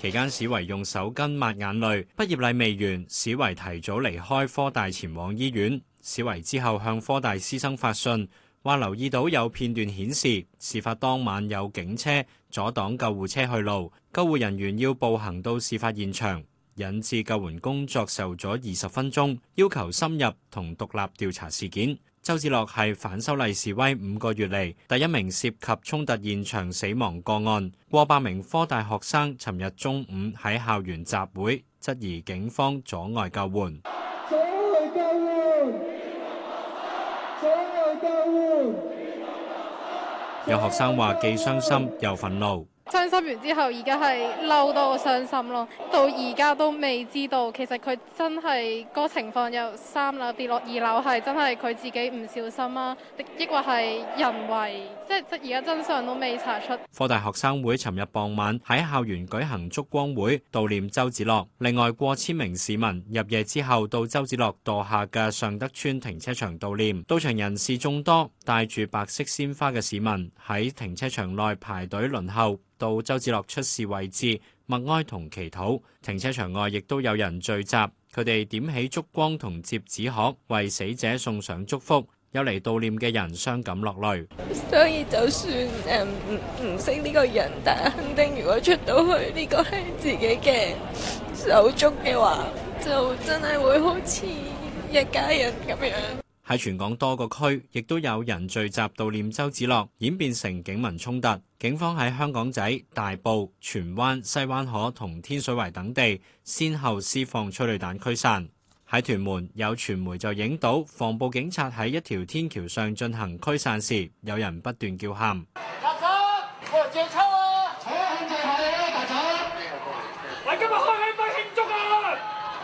期間，史維用手巾抹眼淚。畢業禮未完，史維提早離開科大前往醫院。史維之後向科大師生發信，話留意到有片段顯示，事發當晚有警車阻擋救護車去路，救護人員要步行到事發現場，引致救援工作受阻二十分鐘，要求深入同獨立調查事件。周梓樂係反修例示威五個月嚟，第一名涉及衝突現場死亡個案，過百名科大學生尋日中午喺校園集會，質疑警方阻礙救援。阻礙救援。有學生話既傷心又憤怒。傷心完之後，而家係嬲到傷心咯。到而家都未知道，其實佢真係嗰個情況由三樓跌落二樓係真係佢自己唔小心啦、啊，亦或係人為？即係而家真相都未查出。科大學生會尋日傍晚喺校園舉行燭光會悼念周梓樂。另外，過千名市民入夜之後到周梓樂墮下嘅尚德邨停車場悼念。到場人士眾多，帶住白色鮮花嘅市民喺停車場內排隊輪候。到周梓樂出事位置默哀同祈禱，停車場外亦都有人聚集，佢哋點起燭光同折紙鶴為死者送上祝福，有嚟悼念嘅人傷感落淚。所以就算唔、嗯、唔識呢個人，但肯定如果出到去呢個係自己嘅手足嘅話，就真係會好似一家人咁樣。喺全港多個區，亦都有人聚集悼念周梓樂，演變成警民衝突。警方喺香港仔、大埔、荃灣、西灣河同天水圍等地，先後施放催淚彈驅散。喺屯門，有傳媒就影到防暴警察喺一條天橋上進行驅散時，有人不斷叫喊：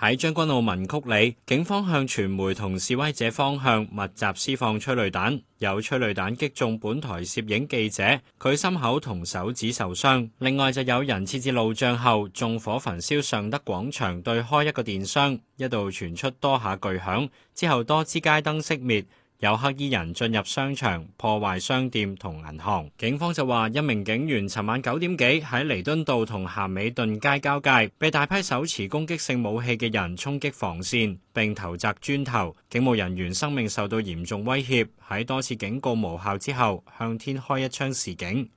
喺將軍澳文曲里，警方向傳媒同示威者方向密集施放催淚彈，有催淚彈擊中本台攝影記者，佢心口同手指受傷。另外就有人設置路障後，縱火焚燒尚德廣場對開一個電箱，一度傳出多下巨響，之後多支街燈熄滅。有黑衣人進入商場破壞商店同銀行，警方就話一名警員尋晚九點幾喺彌敦道同咸美頓街交界被大批手持攻擊性武器嘅人衝擊防線並投擲磚頭，警務人員生命受到嚴重威脅，喺多次警告無效之後向天開一槍示警。